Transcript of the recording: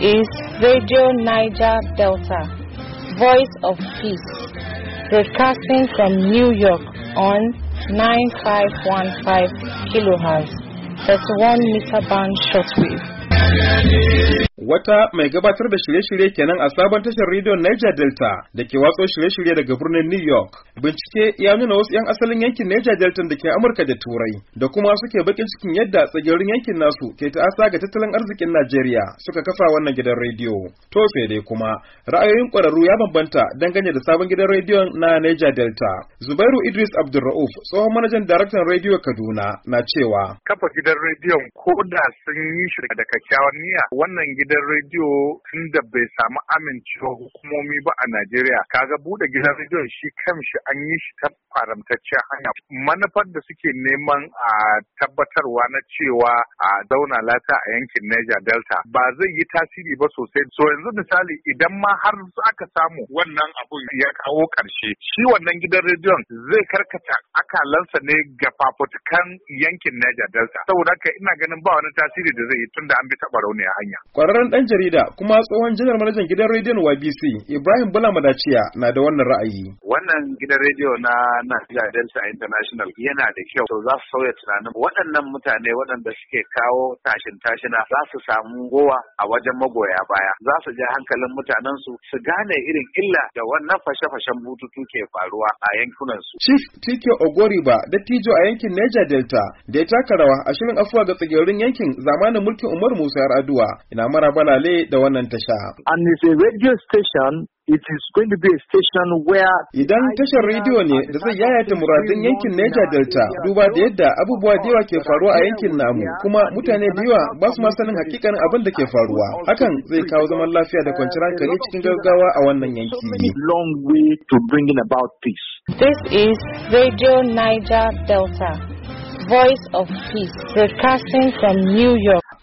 is Radio Niger Delta, Voice of Peace, broadcasting from New York on 9515 kilohertz, that's one meter band shortwave. Wata mai gabatar da shirye-shirye kenan a sabon tashar rediyon Niger Delta da ke watso shirye-shirye daga birnin New York. Bincike ya nuna wasu 'yan asalin yankin Niger Delta da ke Amurka da Turai da kuma suke bakin cikin yadda tsagirin yankin nasu ke ta'asa ga tattalin arzikin Najeriya suka kafa wannan gidan rediyo. To sai dai kuma ra'ayoyin ƙwararru ya bambanta dangane da sabon gidan rediyon na Niger Delta. Zubairu Idris Abdulra'uf tsohon manajan daraktan rediyo Kaduna na cewa. Kafa gidan rediyon ko da sun yi shi da kyakkyawan niyya wannan gidan rediyo da bai samu amincewa hukumomi ba a Najeriya kaga bude gidan rediyon shi kamshi an yi shi ta faramtaccen hanya manufar da suke neman a tabbatarwa na cewa a zauna lata a yankin Niger Delta ba zai yi tasiri ba sosai so yanzu misali idan ma har aka samu wannan abun ya kawo karshe shi wannan gidan rediyon zai karkata akalansa ne ga fafutukan yankin Niger Delta saboda haka ina ganin ba wani tasiri da zai yi tunda an bi taɓa rauni a hanya. Kwararren ɗan jarida kuma tsohon janar manajan gidan rediyon YBC Ibrahim Bula Madaciya na da wannan ra'ayi. Wannan gidan rediyo na Nigeria Delta International yana da kyau to za su sauya tunanin waɗannan mutane waɗanda suke kawo tashin tashina za su samu gowa a wajen magoya baya za su ja hankalin mutanen su su gane irin illa da wannan fashe-fashen bututu ke faruwa a yankunan su. Chief Tike Ogoriba dattijo a yankin Niger Delta da ya taka rawa a shirin afuwa ga tsigirin yankin zamanin mulkin Umar Musa Raduwa ina mara balale da wannan tasha. And it's a radio station it is going to be a station where idan tashar rediyo ne da zai yayata muradun yankin Niger Delta duba da yadda abubuwa da yawa ke faruwa a yankin namu kuma mutane da yawa ba su ma sanin hakikanin abin da ke faruwa hakan zai kawo zaman lafiya da kwanciyar hankali cikin gaggawa a wannan yanki long way to bringing about peace this is radio Niger Delta voice of peace broadcasting from New York